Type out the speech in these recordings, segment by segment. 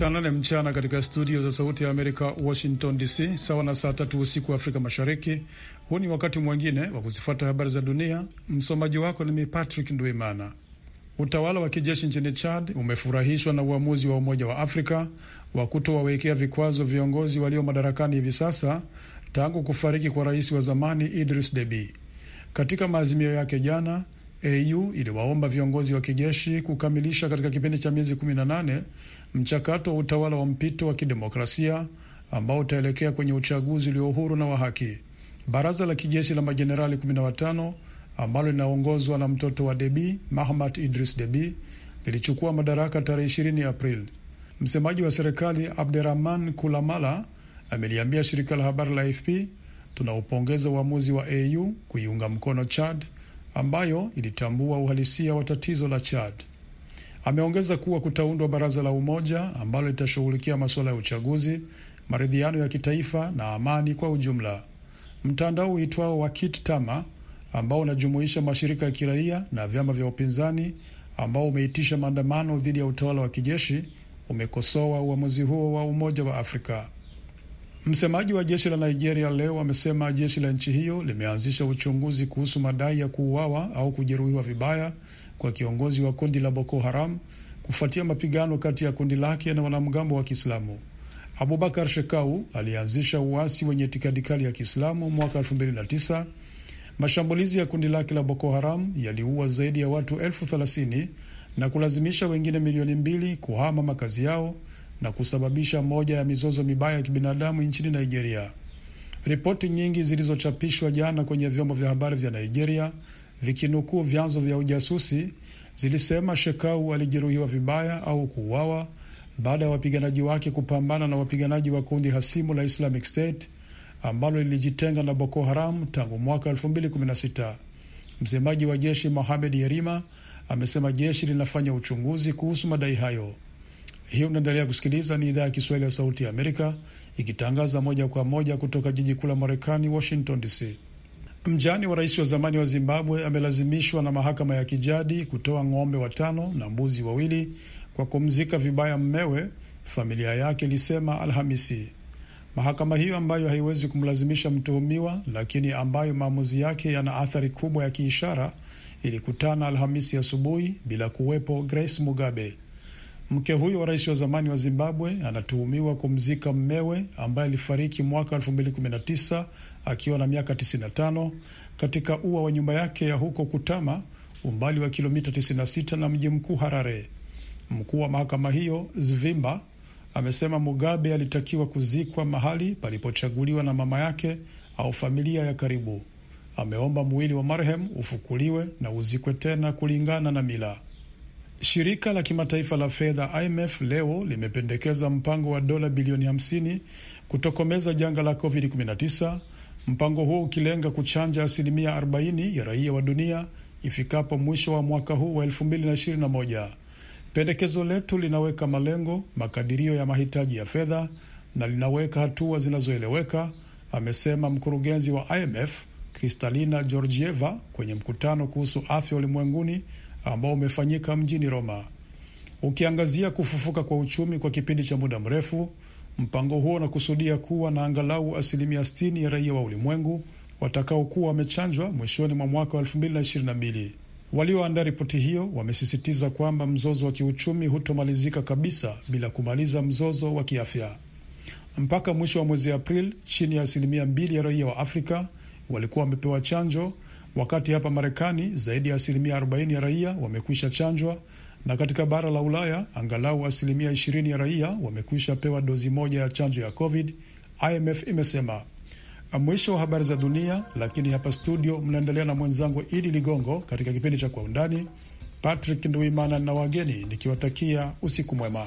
saa nane mchana katika studio za Sauti ya Amerika, Washington DC, sawa na saa tatu usiku wa Afrika Mashariki. Huu ni wakati mwingine wa kuzifuata habari za dunia. Msomaji wako ni mimi Patrick Ndwimana. Utawala wa kijeshi nchini Chad umefurahishwa na uamuzi wa Umoja wa Afrika wa kutowawekea vikwazo viongozi walio madarakani hivi sasa tangu kufariki kwa rais wa zamani Idris Deby. Katika maazimio yake jana, AU iliwaomba viongozi wa kijeshi kukamilisha katika kipindi cha miezi 18 mchakato wa utawala wa mpito wa kidemokrasia ambao utaelekea kwenye uchaguzi ulio huru na wa haki. Baraza la kijeshi la majenerali 15 ambalo linaongozwa na mtoto wa Debi Mahamat Idris Debi lilichukua madaraka tarehe 20 Aprili. Msemaji wa serikali Abderahman Kulamala ameliambia shirika la habari la AFP, tunaupongeza uamuzi wa AU kuiunga mkono Chad ambayo ilitambua uhalisia wa tatizo la Chad. Ameongeza kuwa kutaundwa baraza la umoja ambalo litashughulikia masuala ya uchaguzi, maridhiano ya kitaifa na amani kwa ujumla. Mtandao uitwao Wakit Tama ambao unajumuisha mashirika ya kiraia na vyama vya upinzani ambao umeitisha maandamano dhidi ya utawala wa kijeshi umekosoa uamuzi huo wa Umoja wa Afrika. Msemaji wa jeshi la Nigeria leo amesema jeshi la nchi hiyo limeanzisha uchunguzi kuhusu madai ya kuuawa au kujeruhiwa vibaya kwa kiongozi wa kundi la Boko Haram kufuatia mapigano kati ya kundi lake na wanamgambo wa Kiislamu. Abubakar Shekau alianzisha uasi wenye itikadi kali ya Kiislamu mwaka 2009. Mashambulizi ya kundi lake la Boko Haram yaliua zaidi ya watu elfu thelathini na kulazimisha wengine milioni mbili kuhama makazi yao na kusababisha moja ya mizozo mibaya ya kibinadamu nchini Nigeria. Ripoti nyingi zilizochapishwa jana kwenye vyombo vya habari vya Nigeria likinukuu vyanzo vya ujasusi, zilisema Shekau alijeruhiwa vibaya au kuuawa baada ya wapiganaji wake kupambana na wapiganaji wa kundi hasimu la Islamic State ambalo lilijitenga na Boko Haram tangu mwaka 2016. Msemaji wa jeshi Mohamed Yerima amesema jeshi linafanya uchunguzi kuhusu madai hayo. Hiyo unaendelea kusikiliza, ni idhaa ya Kiswahili ya Sauti ya Amerika ikitangaza moja kwa moja kutoka jiji kuu la Marekani, Washington DC mjani wa rais wa zamani wa Zimbabwe amelazimishwa na mahakama ya kijadi kutoa ng'ombe watano na mbuzi wawili kwa kumzika vibaya mmewe, familia yake ilisema Alhamisi. Mahakama hiyo ambayo haiwezi kumlazimisha mtuhumiwa, lakini ambayo maamuzi yake yana athari kubwa ya kiishara, ilikutana Alhamisi asubuhi bila kuwepo Grace Mugabe. Mke huyo wa rais wa zamani wa Zimbabwe anatuhumiwa kumzika mmewe ambaye alifariki mwaka 2019 akiwa na miaka 95 katika ua wa nyumba yake ya huko Kutama, umbali wa kilomita 96 na mji mkuu Harare. Mkuu wa mahakama hiyo Zvimba amesema Mugabe alitakiwa kuzikwa mahali palipochaguliwa na mama yake au familia ya karibu. Ameomba mwili wa marehemu ufukuliwe na uzikwe tena kulingana na mila. Shirika la kimataifa la fedha IMF leo limependekeza mpango wa dola bilioni 50 kutokomeza janga la COVID-19, mpango huo ukilenga kuchanja asilimia 40 ya raia wa dunia ifikapo mwisho wa mwaka huu wa 2021. Pendekezo letu linaweka malengo, makadirio ya mahitaji ya fedha na linaweka hatua zinazoeleweka, amesema mkurugenzi wa IMF Kristalina Georgieva kwenye mkutano kuhusu afya ulimwenguni ambao umefanyika mjini Roma ukiangazia kufufuka kwa uchumi kwa kipindi cha muda mrefu. Mpango huo unakusudia kuwa na angalau asilimia 60 ya raia wa ulimwengu watakaokuwa wamechanjwa mwishoni mwa mwaka wa 2022. Walioandaa ripoti hiyo wamesisitiza kwamba mzozo wa kiuchumi hutomalizika kabisa bila kumaliza mzozo wa kiafya. Mpaka mwisho wa mwezi Aprili, chini ya asilimia mbili ya raia wa Afrika walikuwa wamepewa chanjo wakati hapa Marekani zaidi ya asilimia 40 ya raia wamekwisha chanjwa na katika bara la Ulaya angalau asilimia 20 ya raia wamekwisha pewa dozi moja ya chanjo ya COVID, IMF imesema. Mwisho wa habari za dunia, lakini hapa studio mnaendelea na mwenzangu Idi Ligongo katika kipindi cha Kwa Undani. Patrick Nduimana na wageni nikiwatakia usiku mwema.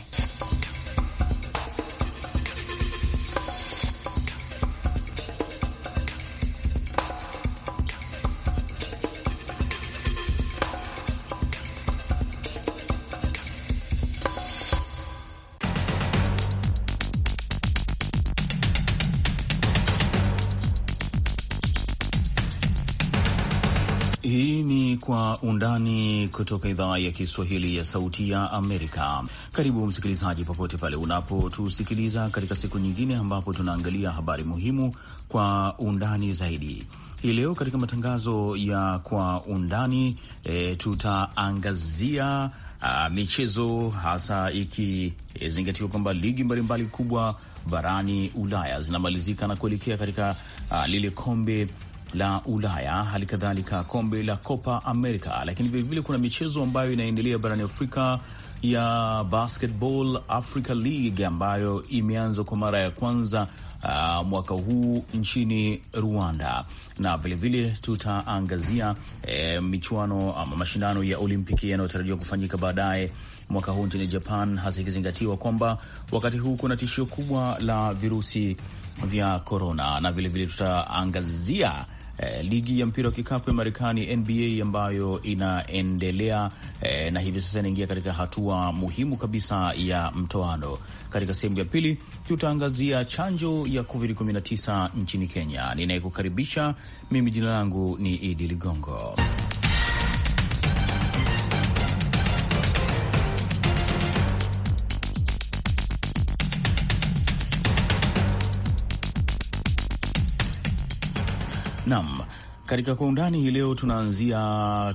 undani kutoka idhaa ya Kiswahili ya Sauti ya Amerika. Karibu msikilizaji, popote pale unapotusikiliza katika siku nyingine ambapo tunaangalia habari muhimu kwa undani zaidi. Hii leo katika matangazo ya kwa undani e, tutaangazia a, michezo hasa ikizingatiwa e, kwamba ligi mbalimbali kubwa barani Ulaya zinamalizika na kuelekea katika a, lile kombe la Ulaya, hali kadhalika kombe la Copa America, lakini vilevile kuna michezo ambayo inaendelea barani Afrika ya Basketball Africa League ambayo imeanza kwa mara ya kwanza uh, mwaka huu nchini Rwanda, na vilevile tutaangazia eh, michuano ama mashindano ya Olimpiki yanayotarajiwa kufanyika baadaye mwaka huu nchini Japan, hasa ikizingatiwa kwamba wakati huu kuna tishio kubwa la virusi vya korona, na vilevile tutaangazia eh, ligi ya mpira wa kikapu ya Marekani NBA ambayo inaendelea eh, na hivi sasa inaingia katika hatua muhimu kabisa ya mtoano. Katika sehemu ya pili tutaangazia chanjo ya COVID-19 nchini Kenya. Ninayekukaribisha mimi jina langu ni Idi Ligongo. nam katika kwa undani hii leo tunaanzia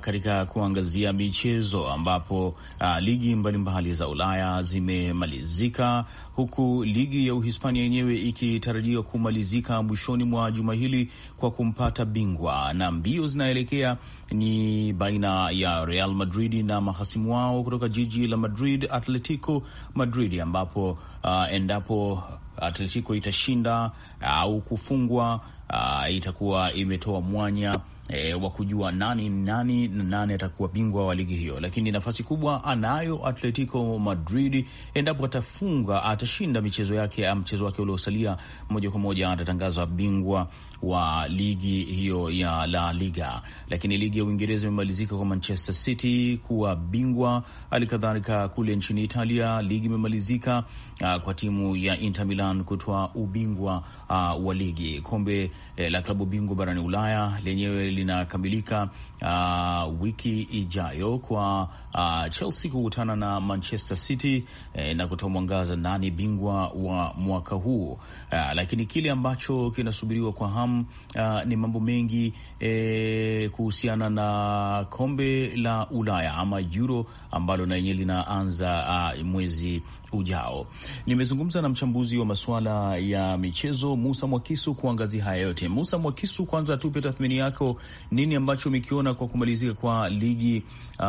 katika kuangazia michezo ambapo uh, ligi mbalimbali za Ulaya zimemalizika huku ligi ya Uhispania yenyewe ikitarajiwa kumalizika mwishoni mwa juma hili kwa kumpata bingwa, na mbio zinaelekea ni baina ya Real Madrid na mahasimu wao kutoka jiji la Madrid, Atletico Madrid, ambapo uh, endapo Atletico itashinda uh, au kufungwa, uh, itakuwa imetoa mwanya E, wa kujua nani nani na nani atakuwa bingwa wa ligi hiyo, lakini nafasi kubwa anayo Atletico Madrid. Endapo atafunga atashinda michezo yake, uh, mchezo wake uliosalia, moja kwa moja atatangaza bingwa wa ligi hiyo ya La Liga, lakini ligi ya Uingereza imemalizika kwa Manchester City kuwa bingwa. Hali kadhalika kule nchini Italia ligi imemalizika uh, kwa timu ya Inter Milan kutoa ubingwa uh, wa ligi. Kombe eh, la klabu bingwa barani Ulaya lenyewe linakamilika uh, wiki ijayo kwa uh, Chelsea kukutana na Manchester City eh, na kutoa mwangaza nani bingwa wa mwaka huu uh, lakini kile ambacho kinasubiriwa kwa hamu uh, ni mambo mengi eh, kuhusiana na kombe la Ulaya ama Euro ambalo na yenyewe linaanza uh, mwezi ujao. Nimezungumza na mchambuzi wa masuala ya michezo Musa Mwakisu kuangazia haya yote. Musa Mwakisu, kwanza tupe tathmini yako, nini ambacho umekiona kwa kumalizika kwa ligi uh,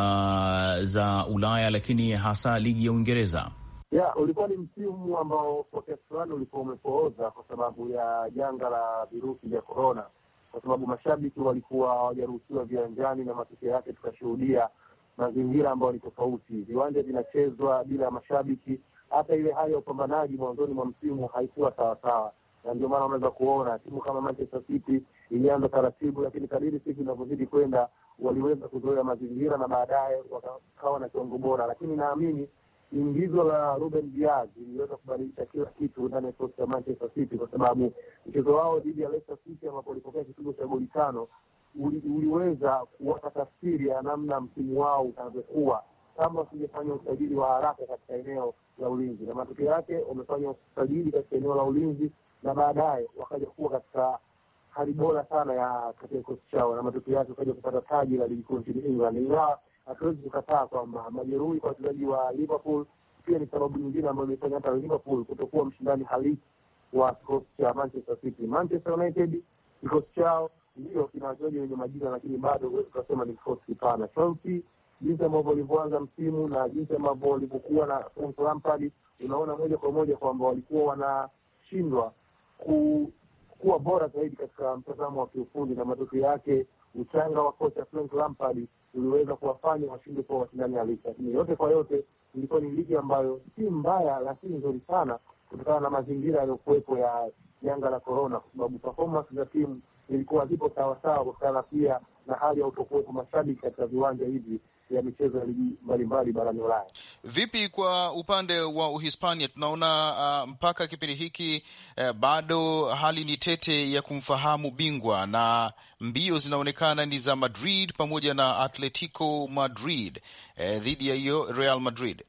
za Ulaya, lakini hasa ligi ya Uingereza? ya ulikuwa ni msimu ambao kwa kiasi fulani ulikuwa umepooza kwa sababu ya janga la virusi vya korona, kwa sababu mashabiki walikuwa hawajaruhusiwa viwanjani, na matokeo yake tukashuhudia mazingira ambayo ni tofauti, viwanja vinachezwa bila mashabiki hata ile hali ya upambanaji mwanzoni mwa msimu haikuwa sawasawa, na ndio maana unaweza kuona timu kama Manchester City ilianza taratibu, lakini kadiri siku inavyozidi kwenda waliweza kuzoea mazingira na baadaye wakawa na kiwango bora, lakini naamini ingizo la Ruben Dias iliweza kubadilisha kila kitu ndani ya kikosi cha Manchester City, kwa sababu mchezo wao dhidi ya Leicester City ambapo walipokea kipigo cha goli tano uliweza kuwapa tafsiri ya namna msimu wao utakavyokuwa kama usingefanya usajili wa haraka katika eneo la ulinzi, na matokeo yake wamefanya usajili katika eneo la ulinzi na baadaye wakaja kuwa katika hali bora sana ya katika kikosi chao, na matokeo yake wakaja kupata taji la ligi kuu nchini England. Ingawa hatuwezi kukataa kwamba majeruhi kwa wachezaji wa Liverpool pia ni sababu nyingine ambayo imefanya hata Liverpool kutokuwa mshindani halisi wa kikosi cha Manchester City. Manchester United kikosi chao ndio kina wachezaji wenye majina, lakini bado huwezi ukasema ni kikosi kipana. Chelsea jinsi ambavyo walivyoanza msimu na jinsi ambavyo walivyokuwa na Frank Lampard, unaona moja kwa moja kwamba walikuwa wanashindwa ku, kuwa bora zaidi katika mtazamo wa kiufundi, na matokeo yake uchanga wa kocha Frank Lampard uliweza kuwafanya washinde kwa washindani halisi. Lakini yote kwa yote ilikuwa ni ligi ambayo si mbaya, lakini nzuri sana kutokana na mazingira yaliyokuwepo ya janga la korona, kwa sababu performance za timu zilikuwa zipo sawasawa, kutokana pia na hali ya utokuwepo mashabiki katika viwanja hivi ya michezo ya ligi mbalimbali barani Ulaya. Vipi kwa upande wa Uhispania? Tunaona uh, mpaka kipindi hiki uh, bado hali ni tete ya kumfahamu bingwa, na mbio zinaonekana ni za Madrid pamoja na Atletico Madrid uh, dhidi uh, ya hiyo Real Madrid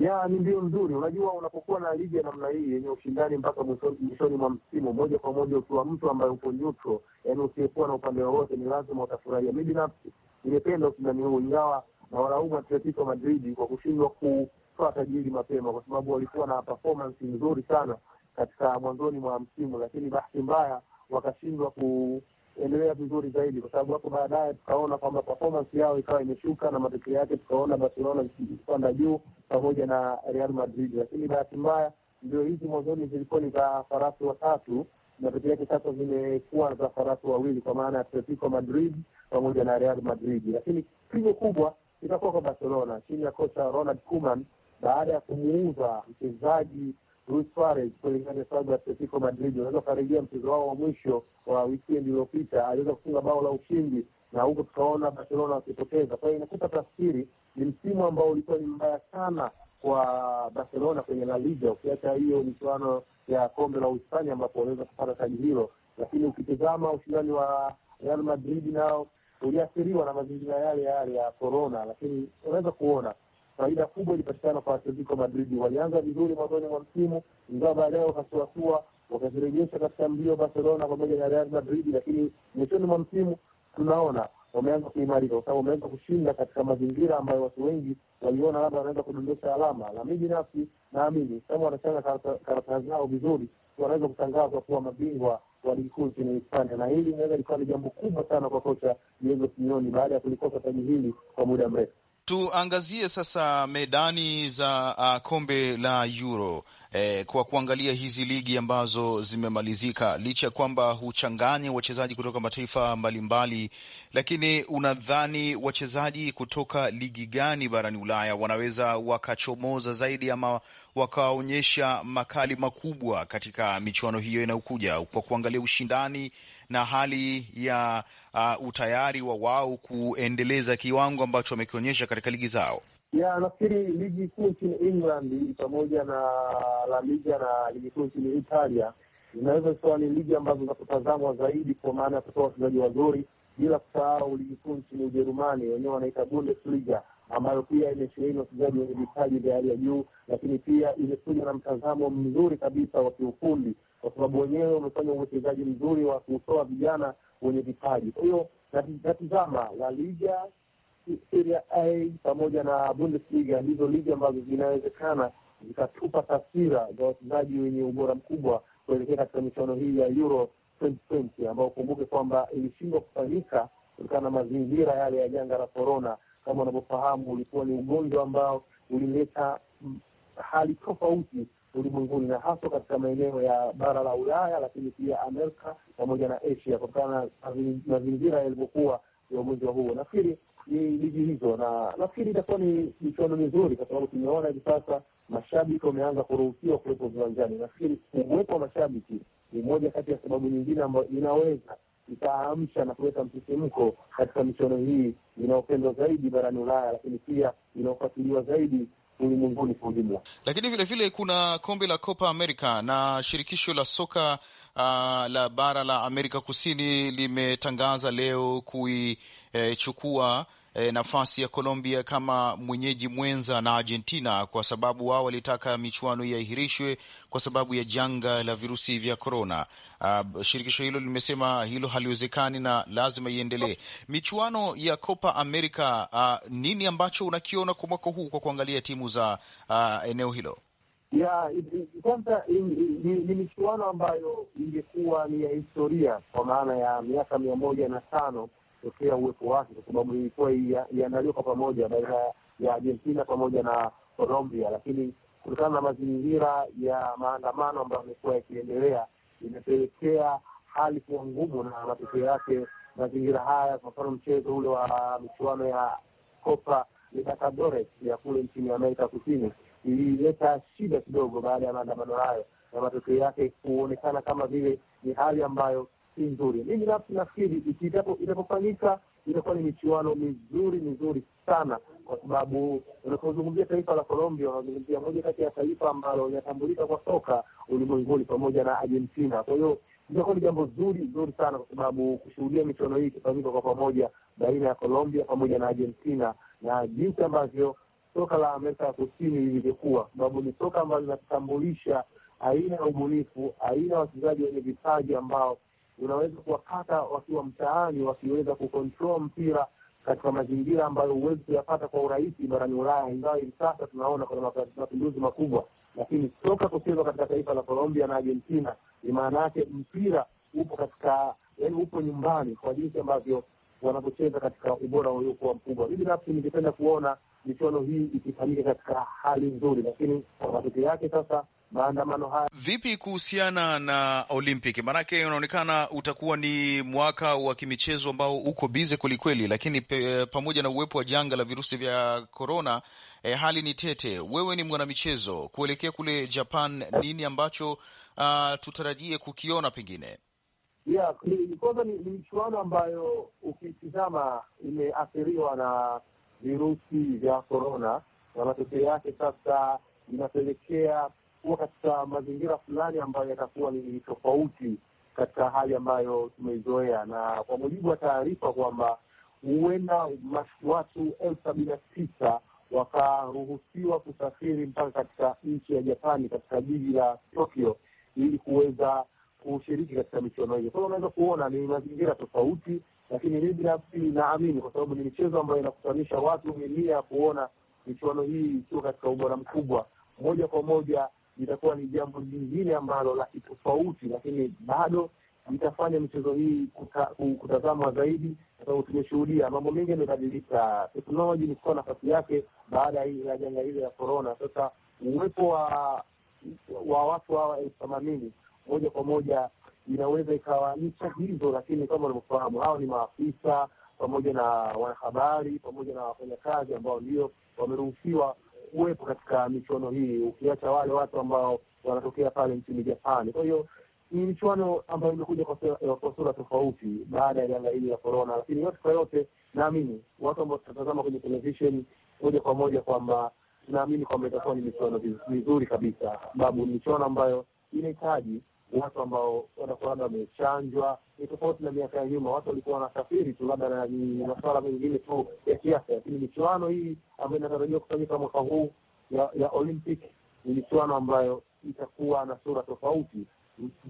ya ni mbio nzuri. Unajua, unapokuwa na ligi ya namna hii yenye ushindani mpaka mwishoni mwa msimu, moja kwa moja, ukiwa mtu ambaye uko neutral, yaani usiyekuwa na upande wowote, ni lazima utafurahia. Mi binafsi nimependa ushindani huu, ingawa na walaumu Atletico Madrid kwa kushindwa kutoa tajiri mapema, kwa sababu walikuwa na performance nzuri sana katika mwanzoni mwa msimu, lakini bahati mbaya wakashindwa kuendelea vizuri zaidi, kwa sababu hapo baadaye tukaona kwamba performance yao ikawa imeshuka, na matokeo yake tukaona Barcelona ikipanda juu pamoja na Real Madrid. Lakini bahati mbaya ndio hizi mwanzoni zilikuwa ni za farasi watatu, matokeo yake sasa zimekuwa za farasi wawili, kwa maana ya Atletico Madrid pamoja na Real Madrid, lakini pigo kubwa itakuwa kwa Barcelona chini ya kocha Ronald Koeman baada ya kumuuza mchezaji Luis Suarez kulingana na klabu ya Atletico Madrid. Unaweza ukarejea mchezo wao wa mwisho wa wikendi iliyopita, aliweza kufunga bao la ushindi na huko tukaona Barcelona wakipoteza. Kwa hiyo inakupa tafsiri, ni msimu ambao ulikuwa ni mbaya sana kwa Barcelona kwenye La Liga, ukiacha hiyo michuano ya kombe la Uhispania ambapo wanaweza kupata taji hilo, lakini ukitizama ushindani wa Real Madrid nao uliathiriwa na mazingira yale yale ya corona, lakini unaweza kuona faida kubwa ilipatikana kwa Atletico Madrid. Walianza vizuri mwanzoni mwa msimu, ingawa baadaye wakasuasua, wakazirejesha katika mbio Barcelona pamoja na Real Madrid, lakini mwishoni mwa msimu tunaona wameanza kuimarika, kwa sababu wameanza kushinda katika mazingira ambayo watu wengi waliona labda wanaweza kudondosha alama. Na mi binafsi naamini kama wanachanga karata zao vizuri, wanaweza kutangazwa kuwa mabingwa wa ligi kuu nchini Hispania, na hili inaweza likawa ni jambo kubwa sana kwa kocha Diego Simeone baada ya kulikosa taji hili kwa muda mrefu. Tuangazie sasa medani za uh, kombe la Euro eh, kwa kuangalia hizi ligi ambazo zimemalizika, licha ya kwamba huchanganye wachezaji kutoka mataifa mbalimbali, lakini unadhani wachezaji kutoka ligi gani barani Ulaya wanaweza wakachomoza zaidi ama wakaonyesha makali makubwa katika michuano hiyo inayokuja kwa kuangalia ushindani na hali ya uh, utayari wa wao kuendeleza kiwango ambacho wamekionyesha katika ligi zao? ya nafikiri ligi kuu nchini England pamoja na La Liga na ligi kuu nchini Italia zinaweza zikawa ni ligi ambazo za kutazamwa zaidi, kwa maana ya kutoa wachezaji wazuri, bila kusahau ligi kuu nchini Ujerumani wenyewe wanaita Bundesliga ambayo pia imesheheni wachezaji wenye vipaji vya hali ya juu, lakini pia imekuja na mtazamo mzuri kabisa wa kiufundi, kwa sababu wenyewe wamefanya uwekezaji mzuri wa kutoa vijana wenye vipaji. Kwa hiyo natizama La Liga Serie A pamoja na Bundesliga ndizo ligi ambazo zinawezekana zikatupa taswira za wachezaji wenye ubora mkubwa kuelekea katika michuano hii ya Euro 2020 ambayo kumbuke kwamba ilishindwa kufanyika kutokana na mazingira yale ya janga la korona. Kama unavyofahamu, ulikuwa ni ugonjwa ambao ulileta hali tofauti ulimwenguni na haswa katika maeneo ya bara la Ulaya, lakini pia Amerika pamoja na Asia, kutokana na mazingira yalivyokuwa ya ugonjwa huo. Nafikiri ligi hizo, na nafikiri itakuwa ni michuano mizuri, kwa sababu tumeona hivi sasa mashabiki wameanza kuruhusiwa kuwepo viwanjani. Nafikiri uwepo wa mashabiki ni moja kati ya sababu nyingine ambayo inaweza ikaamsha na kuleta msisimko katika michuano hii inayopendwa zaidi barani Ulaya, lakini pia inayofuatiliwa zaidi ulimwenguni kwa ujumla. Lakini vilevile kuna kombe la Copa America na shirikisho la soka uh, la bara la Amerika Kusini limetangaza leo kuichukua e, nafasi ya Colombia kama mwenyeji mwenza na Argentina, kwa sababu wao walitaka michuano iahirishwe kwa sababu ya janga la virusi vya korona. Uh, ah, shirikisho hilo limesema hilo haliwezekani na lazima iendelee michuano ya Copa America. Uh, nini ambacho unakiona kwa mwaka huu kwa kuangalia timu za uh, eneo hilo? ya kwanza ni michuano ambayo ingekuwa ni ya historia kwa maana ya miaka mia moja na tano tokea uwepo wake, kwa sababu ilikuwa iandaliwa kwa pamoja baina ya Argentina pamoja na Colombia, lakini kutokana na mazingira ya maandamano ambayo amekuwa yakiendelea imepelekea hali kuwa ngumu, na matokeo yake mazingira haya, kwa mfano mchezo ule wa michuano ya Copa Libertadores ya kule nchini Amerika Kusini ilileta shida kidogo baada ya maandamano hayo, na matokeo yake kuonekana kama vile ni hali ambayo si nzuri. Mimi nafsi nafikiri itapofanyika itakuwa ni michuano mizuri mizuri sana, kwa sababu unapozungumzia taifa la Colombia unazungumzia moja kati ya taifa ambalo linatambulika kwa soka ulimwenguni pamoja na Argentina. Kwa hiyo itakuwa ni jambo zuri zuri sana, kwa sababu kushuhudia michuano hii ikifanyika kwa pamoja baina ya Colombia pamoja na Argentina na jinsi ambavyo soka la Amerika ya Kusini lilivyokuwa, sababu ni soka ambalo linatambulisha aina ya ubunifu, aina ya wachezaji wenye vipaji ambao unaweza kuwapata wakiwa mtaani, wakiweza ku mpira katika mazingira ambayo huwezi kuyapata kwa urahisi barani Ulaya, ingawa hivi sasa tunaona kuna mapinduzi makubwa, lakini soka kuchezwa katika taifa la Colombia na Argentina ni maana yake mpira upo katika, yani, upo nyumbani kwa jinsi ambavyo wanavyocheza katika ubora uliokuwa mkubwa. Mimi nafsi ningependa kuona michuano hii ikifanyika katika hali nzuri, lakini kwa matokeo yake sasa maandamano haya. Vipi kuhusiana na Olympic? Maanake unaonekana utakuwa ni mwaka wa kimichezo ambao uko bize kwelikweli, lakini pe, eh, pamoja na uwepo wa janga la virusi vya korona e, eh, hali ni tete. Wewe ni mwanamichezo, kuelekea kule Japan, nini ambacho uh, tutarajie kukiona pengine? Yeah, kwanza ni, ni michuano ambayo ukitizama imeathiriwa na virusi vya korona, na matokeo yake sasa inapelekea kuwa katika mazingira fulani ambayo yatakuwa ni tofauti katika hali ambayo tumeizoea, na kwa mujibu wa taarifa kwamba huenda watu elfu sabini na tisa wakaruhusiwa kusafiri mpaka katika nchi ya Japani, katika jiji la Tokyo ili kuweza kushiriki katika michuano hiyo. Kwa hiyo unaweza kuona ni mazingira tofauti lakini mi binafsi naamini kwa sababu ni michezo ambayo inakutanisha watu milia kuona michuano hii ikiwa katika ubora mkubwa, moja kwa moja itakuwa ni jambo lingine ambalo la kitofauti, lakini bado itafanya michezo hii kuta, kutazamwa zaidi, kwa sababu tumeshuhudia mambo mengi yamebadilika. Teknoloji ilikuwa nafasi yake baada ya janga hile ya korona. Sasa uwepo wa wa watu hawa elfu themanini moja kwa moja inaweza ikawa ni chagizo lakini kama unavyofahamu hawa ni maafisa pamoja na wanahabari pamoja na wafanyakazi ambao ndio wameruhusiwa kuwepo katika michuano hii, ukiacha wale watu ambao wanatokea pale nchini Japani. Kwa hiyo ni michuano ambayo imekuja kwa sura tofauti baada ya janga hili la korona, lakini yote kwa yote, naamini watu ambao tutatazama kwenye televisheni moja kwa moja kwamba tunaamini kwamba itakuwa ni michuano vizuri kabisa, sababu ni michuano ambayo inahitaji watu ambao wanakuwa labda wamechanjwa. Ni tofauti na miaka ya nyuma, watu walikuwa wanasafiri tu labda ni masuala mengine tu ya kiafya, lakini michuano hii ambayo inatarajiwa kufanyika mwaka huu ya, ya Olympic ni michuano ambayo itakuwa na sura tofauti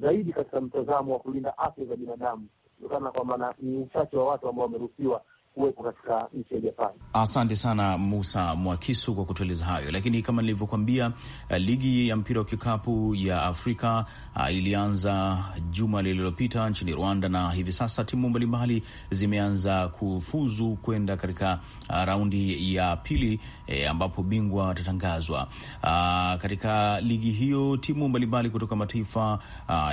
zaidi katika mtazamo wa kulinda afya za binadamu kutokana na kwamba ni uchache wa watu ambao wameruhusiwa kuwepo katika nchi ya Japani. Asante sana Musa Mwakisu kwa kutueleza hayo, lakini kama nilivyokuambia, eh, ligi ya mpira wa kikapu ya Afrika uh, ilianza juma lililopita nchini Rwanda, na hivi sasa timu mbalimbali zimeanza kufuzu kwenda katika uh, raundi ya pili e, ambapo bingwa atatangazwa. Katika ligi hiyo timu mbalimbali kutoka mataifa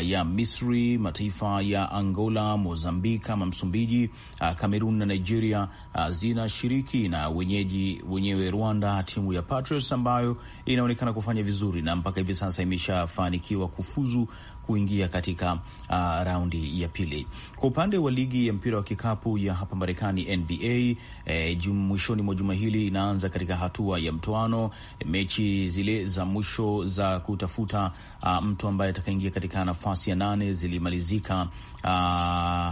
ya Misri, mataifa ya Angola, Mozambiki kama Msumbiji, Kamerun na Nigeria zinashiriki na wenyeji wenyewe Rwanda, timu ya Patriots ambayo inaonekana kufanya vizuri na mpaka hivi sasa imeshafanikiwa kufuzu kuingia katika uh, raundi ya pili. Kwa upande wa ligi ya mpira wa kikapu ya hapa Marekani, NBA, eh, mwishoni mwa juma hili inaanza katika hatua ya mtoano, mechi zile za mwisho za kutafuta uh, mtu ambaye atakaingia katika nafasi ya nane zilimalizika Uh,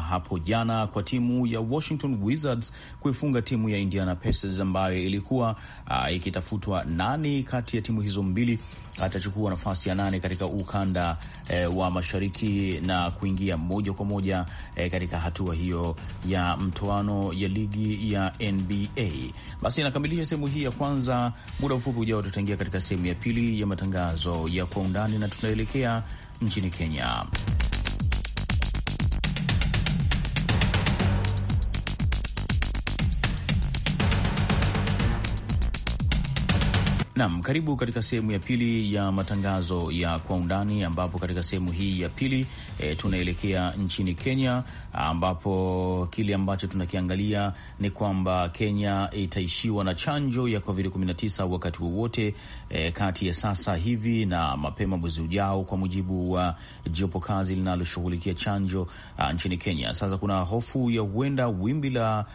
hapo jana kwa timu ya Washington Wizards kuifunga timu ya Indiana Pacers ambayo ilikuwa uh, ikitafutwa nani kati ya timu hizo mbili atachukua nafasi ya nane katika ukanda e, wa mashariki na kuingia moja kwa moja e, katika hatua hiyo ya mtoano ya ligi ya NBA. Basi inakamilisha sehemu hii ya kwanza. Muda mfupi ujao tutaingia katika sehemu ya pili ya matangazo ya kwa undani, na tunaelekea nchini Kenya. Naam, karibu katika sehemu ya pili ya matangazo ya kwa undani, ambapo katika sehemu hii ya pili e, tunaelekea nchini Kenya, ambapo kile ambacho tunakiangalia ni kwamba Kenya itaishiwa na chanjo ya COVID-19 wakati wowote e, kati ya sasa hivi na mapema mwezi ujao, kwa mujibu wa jopo kazi linaloshughulikia chanjo a, nchini Kenya. Sasa kuna hofu ya huenda wimbi la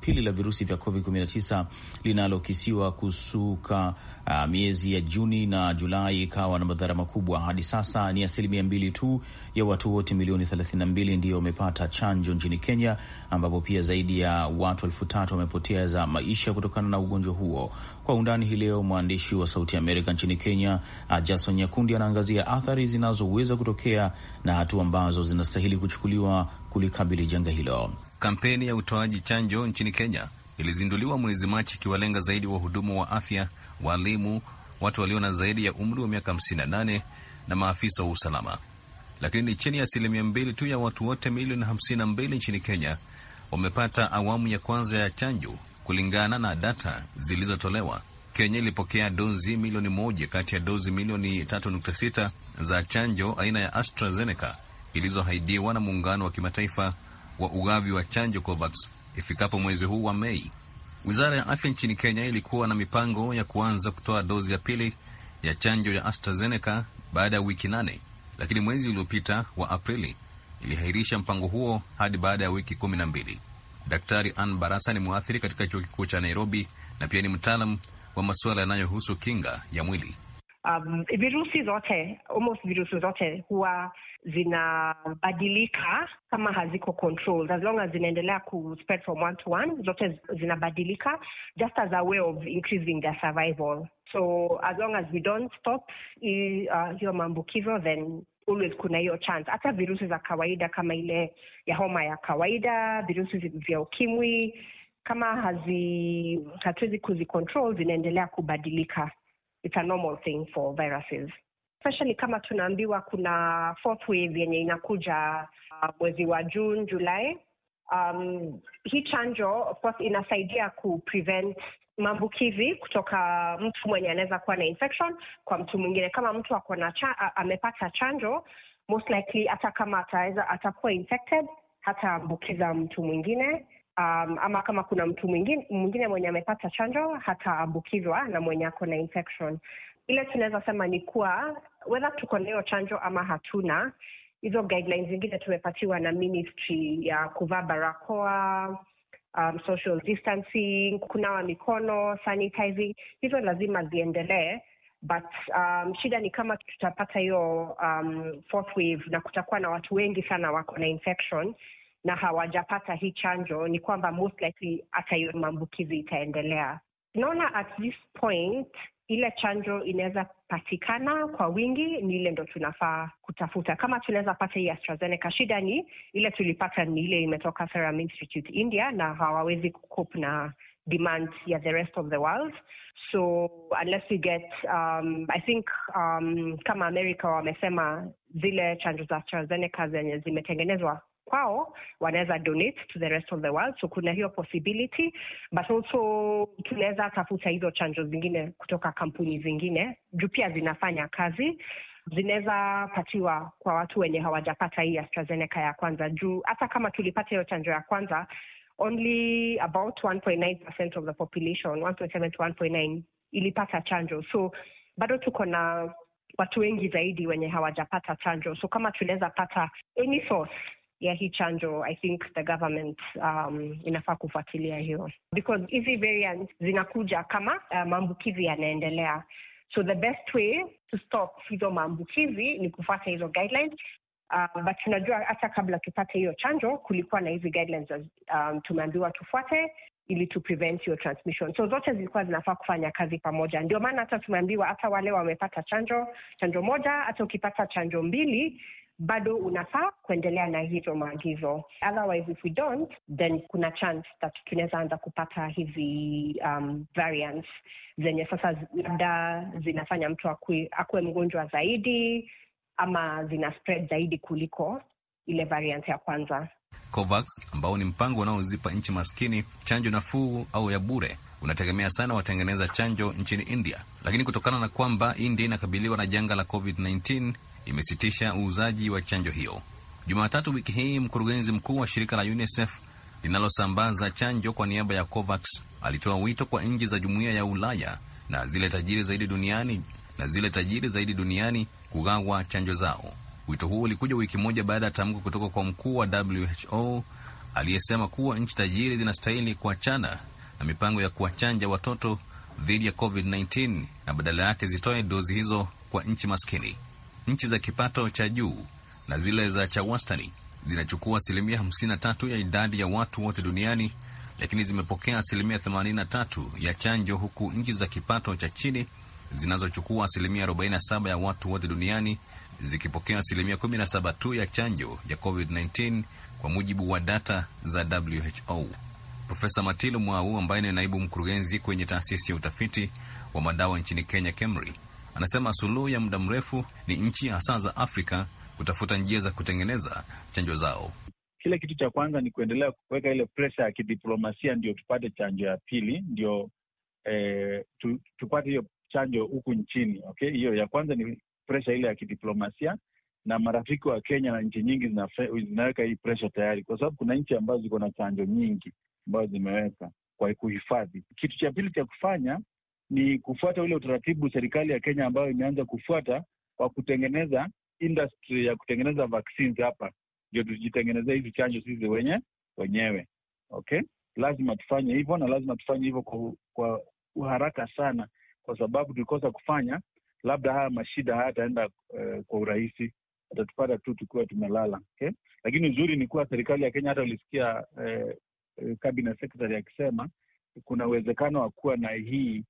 pili la virusi vya COVID-19 linalokisiwa kusuka uh, miezi ya Juni na Julai ikawa na madhara makubwa. Hadi sasa ni asilimia mbili tu ya watu wote milioni 32 ndiyo wamepata chanjo nchini Kenya, ambapo pia zaidi ya watu elfu tatu wamepoteza maisha kutokana na ugonjwa huo. Kwa undani hii leo, mwandishi wa Sauti Amerika nchini Kenya uh, Jason Nyakundi anaangazia athari zinazoweza kutokea na hatua ambazo zinastahili kuchukuliwa kulikabili janga hilo. Kampeni ya utoaji chanjo nchini Kenya ilizinduliwa mwezi Machi ikiwalenga zaidi wahudumu wa afya walimu, watu walio na zaidi ya umri wa miaka 58 na maafisa wa usalama. Lakini ni chini ya asilimia mbili tu ya watu wote milioni 52 nchini Kenya wamepata awamu ya kwanza ya chanjo, kulingana na data zilizotolewa. Kenya ilipokea dozi milioni moja kati ya dozi milioni 3.6 za chanjo aina ya AstraZeneca ilizohaidiwa na muungano wa kimataifa wa ugavi wa chanjo COVAX ifikapo mwezi huu wa Mei. Wizara ya afya nchini Kenya ilikuwa na mipango ya kuanza kutoa dozi ya pili ya chanjo ya AstraZeneca baada ya wiki nane, lakini mwezi uliopita wa Aprili iliahirisha mpango huo hadi baada ya wiki kumi na mbili. Daktari Ann Barasa ni mwathiri katika chuo kikuu cha Nairobi na pia ni mtaalam wa masuala yanayohusu kinga ya mwili. Um, virusi zote almost virusi zote huwa zinabadilika kama haziko controlled, as long as zinaendelea ku spread from one to one, zote zinabadilika just as a way of increasing their survival. So as long as we don't stop uh, hiyo uh, maambukizo then always kuna hiyo chance. Hata virusi za kawaida kama ile ya homa ya kawaida, virusi vya ukimwi, kama hazi hatuwezi kuzicontrol zinaendelea kubadilika it's a normal thing for viruses especially kama tunaambiwa kuna fourth wave yenye inakuja uh, mwezi wa june julai um, hii chanjo of course inasaidia kuprevent maambukizi kutoka mtu mwenye anaweza kuwa na infection kwa mtu mwingine kama mtu ako na cha, amepata chanjo most likely hata kama ataweza atakuwa infected hataambukiza mtu mwingine um, ama kama kuna mtu mwingine mwingine mwenye amepata chanjo hataambukizwa na mwenye ako na infection. Ile tunaweza sema ni kuwa wedha tuko na hiyo chanjo ama hatuna, hizo guidelines zingine tumepatiwa na ministry ya kuvaa barakoa um, social distancing, kunawa mikono, sanitizing, hizo lazima ziendelee but um, shida ni kama tutapata hiyo um, fourth wave na kutakuwa na watu wengi sana wako na infection na hawajapata hii chanjo, ni kwamba most likely hata hiyo maambukizi itaendelea. Tunaona at this point ile chanjo inaweza patikana kwa wingi, ni ile ndo tunafaa kutafuta. Kama tunaweza pata hii AstraZeneca, shida ni ile tulipata ni ile imetoka Serum Institute India, na hawawezi kukop na demand ya the rest of the world so unless we get um, i think um, kama america wamesema zile chanjo za AstraZeneca zenye zimetengenezwa kwao wanaweza donate to the rest of the world, so kuna hiyo possibility, but also tunaweza tafuta hizo chanjo zingine kutoka kampuni zingine juu pia zinafanya kazi zinaweza patiwa kwa watu wenye hawajapata hii AstraZeneca ya kwanza, juu hata kama tulipata hiyo chanjo ya kwanza only about 1.9% of the population 1.7 ilipata chanjo, so bado tuko na watu wengi zaidi wenye hawajapata chanjo. So kama tunaweza pata any source ya hii chanjo, I think the government um, inafaa kufuatilia hiyo because hizi variants zinakuja kama uh, maambukizi yanaendelea, so the best way to stop hizo maambukizi ni kufuata hizo guidelines. Uh, but tunajua hata kabla tupate hiyo chanjo kulikuwa na hizi guidelines um, tumeambiwa tufuate ili tu prevent your transmission. So zote zilikuwa zinafaa kufanya kazi pamoja, ndio maana hata tumeambiwa hata wale wamepata chanjo chanjo moja, hata ukipata chanjo mbili bado unafaa kuendelea na hizo maagizo, otherwise if we don't then kuna chance that tunaweza anza kupata hizi um, variants zenye sasa labda zinafanya mtu akuwe mgonjwa zaidi ama zina spread zaidi kuliko ile variant ya kwanza. COVAX ambao ni mpango unaozipa nchi maskini chanjo nafuu au ya bure unategemea sana watengeneza chanjo nchini India, lakini kutokana na kwamba India inakabiliwa na janga la COVID-19 imesitisha uuzaji wa chanjo hiyo. Jumatatu wiki hii, mkurugenzi mkuu wa shirika la UNICEF linalosambaza chanjo kwa niaba ya COVAX alitoa wito kwa nchi za jumuiya ya Ulaya na zile tajiri zaidi duniani na zile tajiri zaidi duniani kugawa chanjo zao. Wito huo ulikuja wiki moja baada ya tamko kutoka kwa mkuu wa WHO aliyesema kuwa nchi tajiri zinastahili kuachana na mipango ya kuwachanja watoto dhidi ya COVID-19 na badala yake zitoe dozi hizo kwa nchi maskini. Nchi za kipato cha juu na zile za cha wastani zinachukua asilimia 53 ya idadi ya watu wote duniani, lakini zimepokea asilimia 83 ya chanjo, huku nchi za kipato cha chini zinazochukua asilimia 47 ya watu wote duniani zikipokea asilimia 17 tu ya chanjo ya COVID-19 kwa mujibu wa data za WHO. Profesa Matilu Mwau ambaye ni naibu mkurugenzi kwenye taasisi ya utafiti wa madawa nchini Kenya KEMRI Anasema suluhu ya muda mrefu ni nchi hasa za Afrika kutafuta njia za kutengeneza chanjo zao. Kile kitu cha kwanza ni kuendelea kuweka ile presha ya kidiplomasia ndio tupate chanjo ya pili, ndio eh, tu, tupate hiyo chanjo huku nchini. Okay, hiyo ya kwanza ni presha ile ya kidiplomasia, na marafiki wa Kenya na nchi nyingi zinaweka hii presha tayari, kwa sababu kuna nchi ambazo ziko na chanjo nyingi ambazo zimeweka kwa kuhifadhi. Kitu cha pili cha kufanya ni kufuata ule utaratibu serikali ya Kenya ambayo imeanza kufuata wa kutengeneza industry ya kutengeneza vaccines hapa, ndio tujitengenezee hizi chanjo sisi wenye wenyewe. Okay, lazima tufanye hivyo na lazima tufanye hivyo kwa, kwa uharaka sana, kwa sababu tulikosa kufanya, labda haya mashida hayataenda uh, kwa urahisi, atatupata tu tukiwa tumelala. Okay, lakini uzuri ni kuwa serikali ya Kenya hata ulisikia uh, cabinet secretary akisema kuna uwezekano wa kuwa na hii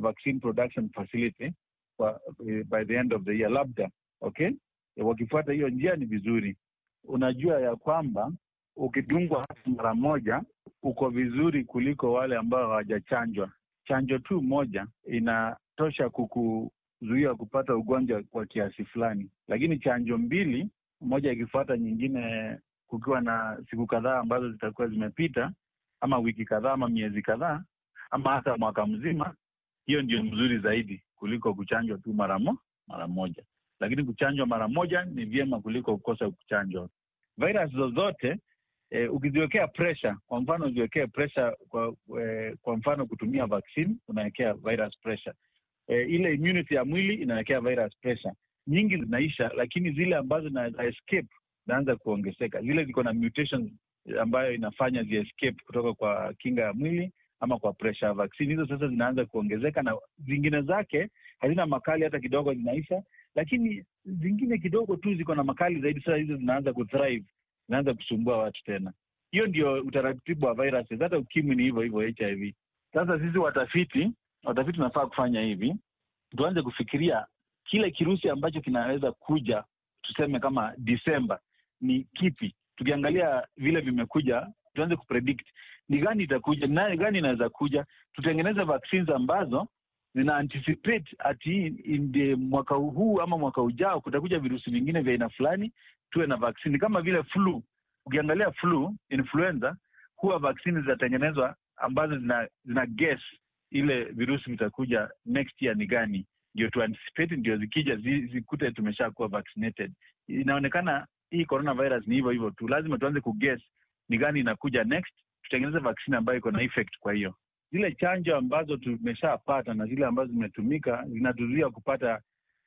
vaccine production facility kwa, eh, by the end of the year labda, okay. Wakifuata hiyo njia ni vizuri. Unajua ya kwamba ukidungwa hata mara moja uko vizuri kuliko wale ambao hawajachanjwa. Chanjo tu moja inatosha kukuzuia kupata ugonjwa kwa kiasi fulani, lakini chanjo mbili, moja ikifuata nyingine, kukiwa na siku kadhaa ambazo zitakuwa zimepita, ama wiki kadhaa, ama miezi kadhaa, ama hata mwaka mzima, hiyo ndio mzuri zaidi kuliko kuchanjwa tu mara mara moja, lakini kuchanjwa mara moja ni vyema kuliko kukosa kuchanjwa. Virus zozote eh, ukiziwekea pressure, kwa mfano uziwekee pressure kwa, eh, kwa mfano kutumia vaccine unawekea virus pressure. Eh, ile immunity ya mwili inawekea virus pressure. Nyingi zinaisha, lakini zile ambazo zinaweza escape zinaanza kuongezeka, zile ziko na mutations ambayo inafanya escape kutoka kwa kinga ya mwili ama kwa presha ya vaksini. Hizo sasa zinaanza kuongezeka, na zingine zake hazina makali hata kidogo, zinaisha, lakini zingine kidogo tu ziko na makali zaidi. Sasa hizo zinaanza kuthrive, zinaanza kusumbua watu tena. Hiyo ndio utaratibu wa viruses, hata ukimwi ni hivyo hivyo, HIV. Sasa sisi watafiti, watafiti unafaa kufanya hivi, tuanze kufikiria kile kirusi ambacho kinaweza kuja, tuseme kama Desemba, ni kipi? Tukiangalia vile vimekuja, tuanze kupredict ni gani itakuja, na gani inaweza kuja, tutengeneze vaccines ambazo zina anticipate ati in the mwaka huu ama mwaka ujao kutakuja virusi vingine vya aina fulani, tuwe na vaccine kama vile flu. Ukiangalia flu, influenza, huwa vaccines zinatengenezwa ambazo zina, zina guess ile virusi vitakuja next year ni gani, ndio tu anticipate, ndio zikija zikute tumeshakuwa vaccinated. Inaonekana hii coronavirus ni hivyo hivyo tu, lazima tuanze kuguess ni gani inakuja next tutengeneze vaksini ambayo iko na effect. Kwa hiyo zile chanjo ambazo tumeshapata na zile ambazo zimetumika zinatuzuia kupata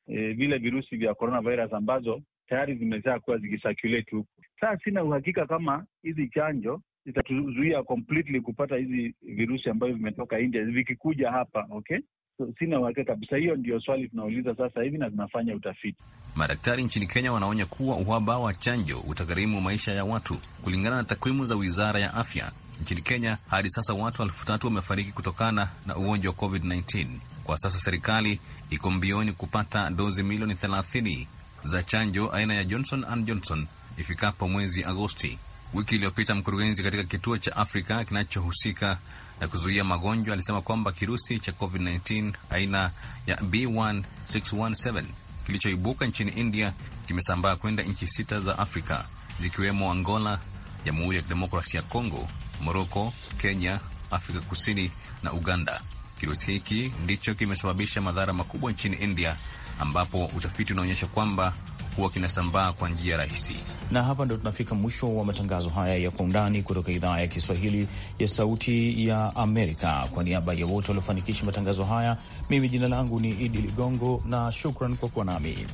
e, vile virusi vya coronavirus ambazo tayari zimesha kuwa zikisirculate huku. Saa sina uhakika kama hizi chanjo zitatuzuia completely kupata hizi virusi ambavyo vimetoka India vikikuja hapa okay? sina uhakika kabisa. Hiyo ndio swali tunauliza sasa hivi na tunafanya utafiti. Madaktari nchini Kenya wanaonya kuwa uhaba wa chanjo utagharimu maisha ya watu. Kulingana na takwimu za wizara ya afya, Nchini Kenya hadi sasa watu elfu tatu wamefariki kutokana na ugonjwa wa COVID-19. Kwa sasa serikali iko mbioni kupata dozi milioni 30 za chanjo aina ya Johnson and Johnson ifikapo mwezi Agosti. Wiki iliyopita mkurugenzi katika kituo cha Afrika kinachohusika na kuzuia magonjwa alisema kwamba kirusi cha COVID-19 aina ya B1617 kilichoibuka nchini India kimesambaa kwenda nchi sita za Afrika zikiwemo Angola, Jamhuri ya Kidemokrasia ya Kongo, Moroko, Kenya, Afrika Kusini na Uganda. Kirusi hiki ndicho kimesababisha madhara makubwa nchini India, ambapo utafiti unaonyesha kwamba huwa kinasambaa kwa njia rahisi. Na hapa ndo tunafika mwisho wa matangazo haya ya Kwa Undani kutoka idhaa ya Kiswahili ya Sauti ya Amerika. Kwa niaba ya wote waliofanikisha matangazo haya, mimi jina langu ni Idi Ligongo na shukran kwa kuwa nami.